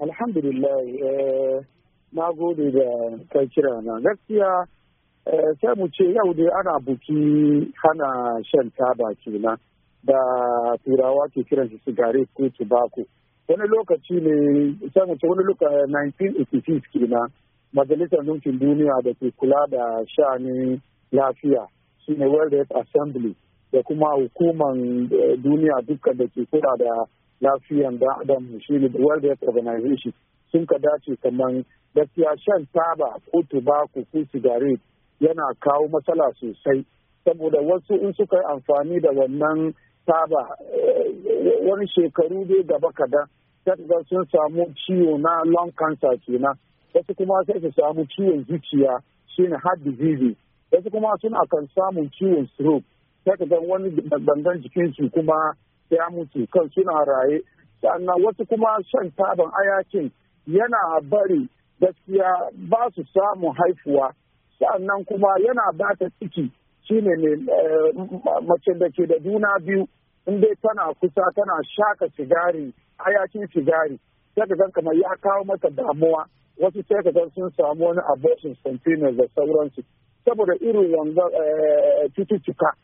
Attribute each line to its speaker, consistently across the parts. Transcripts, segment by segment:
Speaker 1: alhamdulillah eh, na gode da kai kira na gaskiya eh, sai mu ce yau dai ana buki hana shan taba kenan da turawa ke kiran su sigare ko tobacco wani lokaci ne sai mu ce wani lokaci 1986 kenan majalisar Dunkin duniya da ke kula da shani lafiya shine World Health Assembly da kuma hukuman eh, duniya dukkan da ke kula da lafiyan dan adam shi ne World Health Organization sun ka dace kamar gaskiya shan taba ko tobacco ko cigarette yana kawo matsala sosai saboda wasu in suka yi amfani da wannan taba eh, wani shekaru dai gaba kadan sai sun samu ciwo na lung cancer kenan wasu kuma sai su samu ciwon zuciya shine heart disease wasu kuma suna kan samun ciwon stroke sai wani gangan jikinsu kuma ya mutu kan suna raye sannan wasu kuma shan taban ayakin yana bari gaskiya ba su samun haifuwa sannan kuma yana ba ta ciki shine ne eh, mace da ke da juna biyu in dai tana kusa tana shaka sigari ayakin sigari sai ka kamar ya kawo mata damuwa wasu sai ka zan sun samu wani abortion spontaneous da sauransu saboda irin wanga eh, cututtuka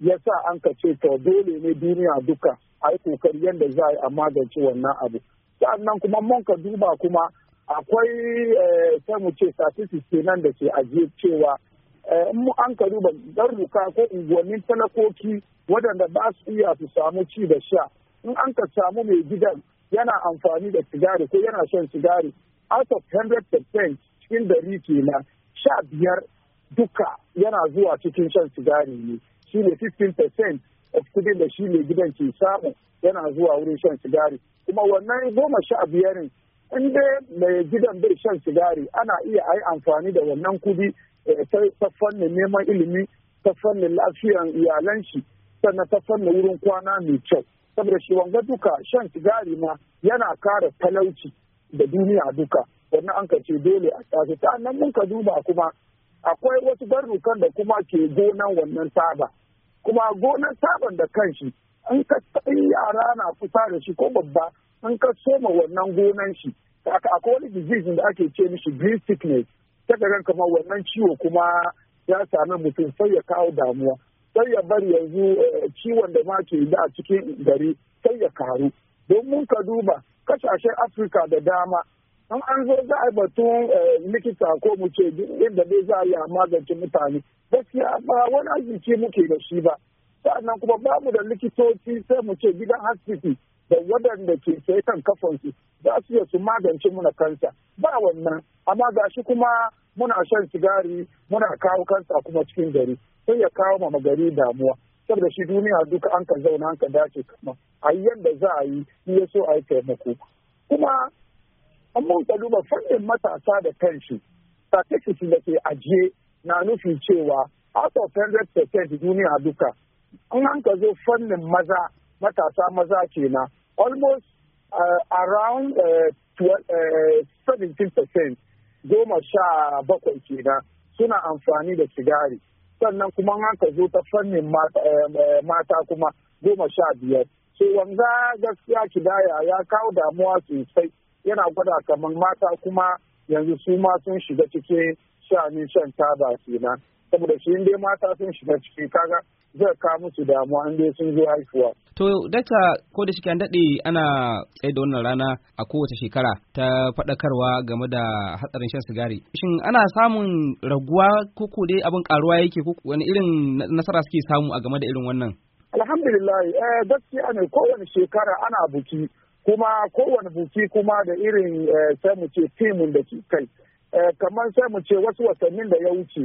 Speaker 1: ya sa an ka ce to dole ne duniya duka a yi kokari yadda za a magance wannan abu sa'annan kuma mun ka duba kuma akwai eh, sai mu ce statistics nan da ke ajiye cewa eh, in an ka duba ruka ko unguwannin talakoki waɗanda ba su iya su samu ci da sha in an ka samu mai gidan yana amfani da sigari ko yana shan sigari out of 100% cikin dari kenan sha biyar duka yana zuwa cikin shan sigari ne shi ne 15% of kudin da shi ne gidan ke samu yana zuwa wurin shan sigari kuma wannan goma sha biyarin in dai mai gidan bai shan sigari ana iya ai amfani da wannan kudi eh, ta fannin neman ilimi ta fannin lafiyan iyalan shi sannan ta fannin wurin kwana mai kyau saboda shi wanga duka shan sigari ma yana kara talauci da duniya duka wannan an ce dole a tashi ta nan mun ka duba kuma akwai wasu barrukan da kuma ke gonan wannan taba kuma gonan taban da kanshi in ka yara na kusa da shi ko babba in ka soma wannan gonan shi akwai wani disease da ake ce mishi green sickness ta ga kamar wannan ciwo kuma ya sami mutum sai ya kawo damuwa sai ya bar yanzu eh, ciwon da ma ke da a cikin gari sai ya karu don mun ka duba kasashen afirka da dama an an zo za a batun eh, likita ko mu ce yadda dai za a yi a magance mutane gaskiya ba wani arziki muke da shi ba sa'annan kuma ba mu da likitoci sai mu ce gidan asibiti da waɗanda ke sai kan kafansu za su iya su magance muna kansa ba wannan amma ga shi kuma muna shan sigari muna kawo kansa kuma cikin gari sai ya kawo ma gari damuwa saboda shi duniya duka an ka zauna an ka dace kama a yadda za a yi ya so a yi taimako kuma amma ka duba fannin matasa da kanshi statistics da ke ajiye na nufin cewa out of 100% duniya duka an hanka zo fannin maza matasa maza na almost uh, around uh, 17% uh, goma sha bakwai kenan suna amfani da sigari sannan kuma an hanka zo ta fannin uh, mata kuma goma sha biyar so wanga gaskiya kidaya ya kawo damuwa sosai yana gwada kamar mata kuma yanzu su ma sun shiga cikin shani shan taba kenan saboda shi dai mata sun shiga ciki kaga zai ka musu damuwa in dai sun zo haihuwa. To dakta ko da shike an daɗe ana tsaye da wannan rana a kowace shekara ta faɗakarwa game da hatsarin shan sigari. Shin ana samun raguwa ko ko dai abin karuwa yake ko wani irin nasara suke samu a game da irin wannan? Alhamdulillah eh gaskiya ne kowane shekara ana buki kuma kowane buki kuma da irin eh, sai mu ce timin da ke kai eh, kamar sai mu ce wasu watannin da ya wuce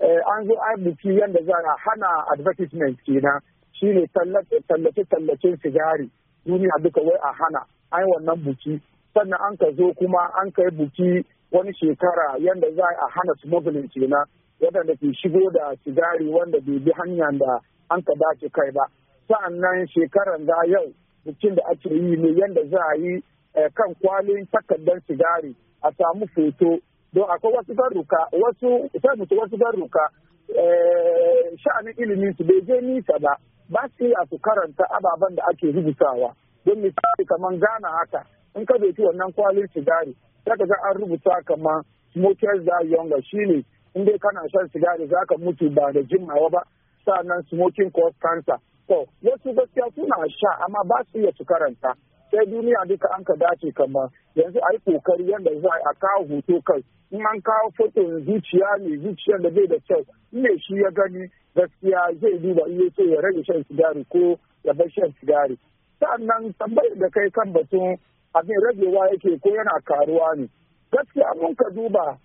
Speaker 1: eh, an zo an buki yadda za a hana advertisement kenan shine tallace tallacen sigari duniya duka wai a hana an wannan buki sannan an ka zo kuma an kai buki wani shekara yadda za a hana smuggling na waɗanda ke shigo da sigari wanda bai bi hanyar da an ka dace kai ba sa'annan shekaran za yau bikin da ake yi ne yadda za a yi eh, kan kwalin takardar sigari a samu foto don akwai wasu zarruka wasu wasu zarruka eh, sha'anin ilimin su bai je nisa ba ba su iya su karanta ababen da ake rubutawa don misali kamar gana haka in ka zai wannan kwalin sigari za ka ga an rubuta kamar smokers da yonga shine in dai kana shan sigari za ka mutu ba da jimawa ba sa'annan smoking cause cancer To, wasu gaskiya suna sha amma ba su iya su karanta. Sai duniya duka an ka dace kamar yanzu a yi kokari yadda za a kawo hoto kai. In an kawo foton zuciya ne zuciyar da zai da kyau. Ne shi ya gani gaskiya zai duba iya so ya rage shan sigari ko ya bar shan sigari. Sannan tambayar da kai kan batun abin ragewa yake ko yana karuwa ne. Gaskiya mun ka duba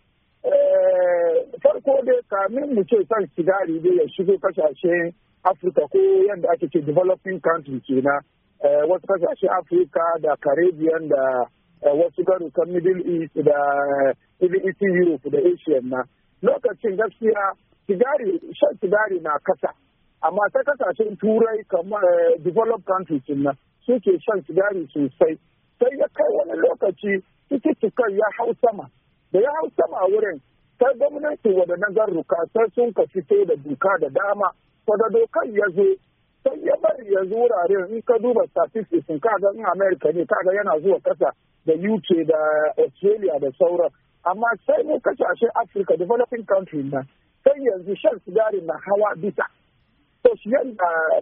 Speaker 1: eh, farko dai kamin mu ce san sigari dai ya shigo kasashe afirka ko yadda ake ce developing country kenan eh, wasu kasashen afirka da caribbean da eh, wasu garukan middle east da eh, middle europe da asia na lokacin gaskiya sigari shan sigari na kasa amma ta kasashen turai kamar developed countries na suke shan sigari sosai sai ya kai wani lokaci cututtukan ya hau sama da ya hau sama wurin sai gwamnati wadannan garruka sai sun ka fito da duka da dama daga dokan ya zo sai ya bari ya zo wuraren in ka duba statistics kaga in america ne kaga yana zuwa kasa da uk da australia da sauran amma sai mu kasashen africa developing country na sai yanzu shan sigari na hawa bisa to shi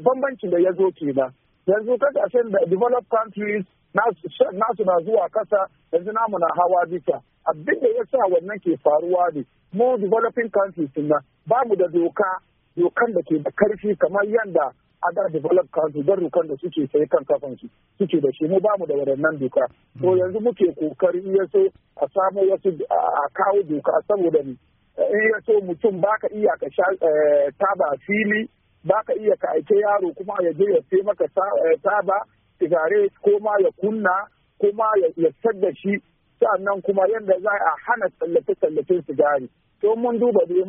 Speaker 1: bambancin da ya zo ke na yanzu kasashen da developed countries nasu na zuwa kasa yanzu namu na hawa bisa abin da ya sa wannan ke faruwa ne mu developing countries na ba mu da doka dokan da ke da karfi kamar yadda ada develop countries don dokan da suke sai kan kafansu suke da shi mu ba mu da waɗannan doka to hmm. yanzu muke kokari iya so a samu wasu a kawo doka saboda eh, in ya so mutum baka iya ka eh, taba fili baka iya ka aike yaro kuma ya je ya sai maka eh, taba sigare ko ma ya kunna ko ma ya sadda shi sannan kuma yadda za a hana tallafe su sigari to mun duba dai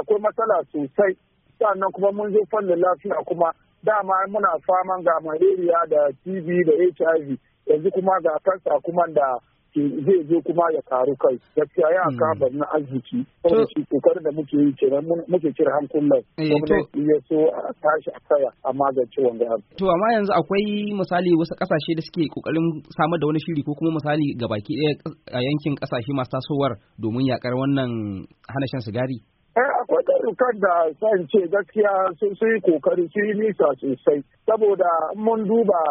Speaker 1: akwai matsala sosai sannan kuma mun zo fannin lafiya kuma dama muna faman ga malaria da tb da hiv yanzu kuma ga kansa kuma da zai zo kuma ya karu kai gaskiya ya hmm. kabar na arziki saboda shi kokarin da muke yi kenan muke kira hankulan eh, gwamnati ya so a tashi a kaya a magance wanga to amma yanzu akwai misali wasu kasashe da suke kokarin samar da wani shiri ko kuma misali ga baki ɗaya a yankin kasashe masu tasowar domin yakar wannan hana shan sigari akwai ɗarukan da san ce gaskiya sun su yi kokari su yi nisa sosai saboda mun duba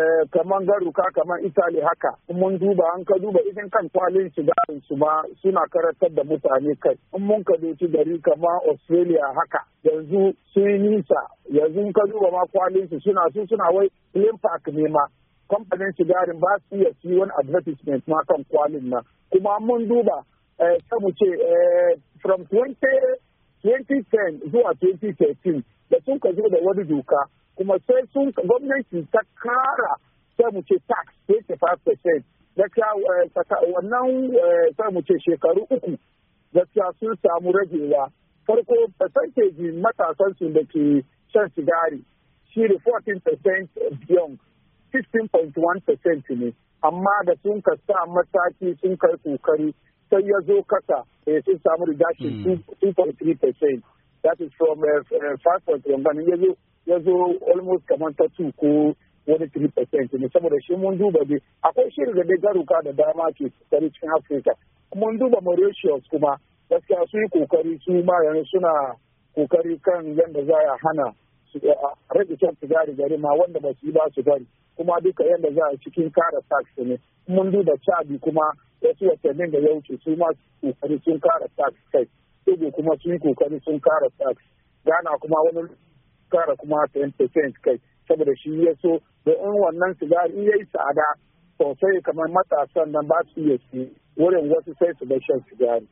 Speaker 1: eh, kamar garuka kamar itali haka mun duba an ka duba idan kan kwalin shigarin su ma suna karatar da mutane kai in mun ka doci gari kamar australia haka yanzu sun yi nisa yanzu ka duba ma kwalin su suna su suna wai plain park ne ma kamfanin sigarin ba su iya ci wani advertisement ma kan kwalin na kuma mun duba ta eh, mu ce eh, from 20 2010 zuwa 2013 da sun ka zo da wani doka kuma sai sun gwamnati ta kara sai mu ce tax 25% gaskiya eh, wannan eh, sai mu ce shekaru uku gaskiya sun samu ragewa farko percentage matasan su da ke shan sigari shi da 14% young 16.1% ne amma da sun ka sa mataki sun kai kokari sai ya zo kasa eh, sun samu da dashi 2.3% that is from 5.1 eh, eh, ya zo ya zo almost kamar ta 2 ko wani 3% ne saboda shi mun duba dai akwai shirin da dai garuka da dama ke kokari cikin Afirka mun duba Mauritius kuma gaskiya su yi kokari su ma yanzu suna kokari kan yadda za a hana rage kyan sigari gari ma wanda ba su yi ba su gari kuma duka yadda za a cikin kara tax ne mun duba cabi kuma wasu watannin da ya wuce su ma kokari sun kara tax kai togo kuma sun kokari sun kara tax gana kuma wani kara kuma 10% kai saboda shi ya so da in wannan sigari ya yi tsada sosai kamar matasan nan ba su iya su wurin wasu sai su bar shan sigari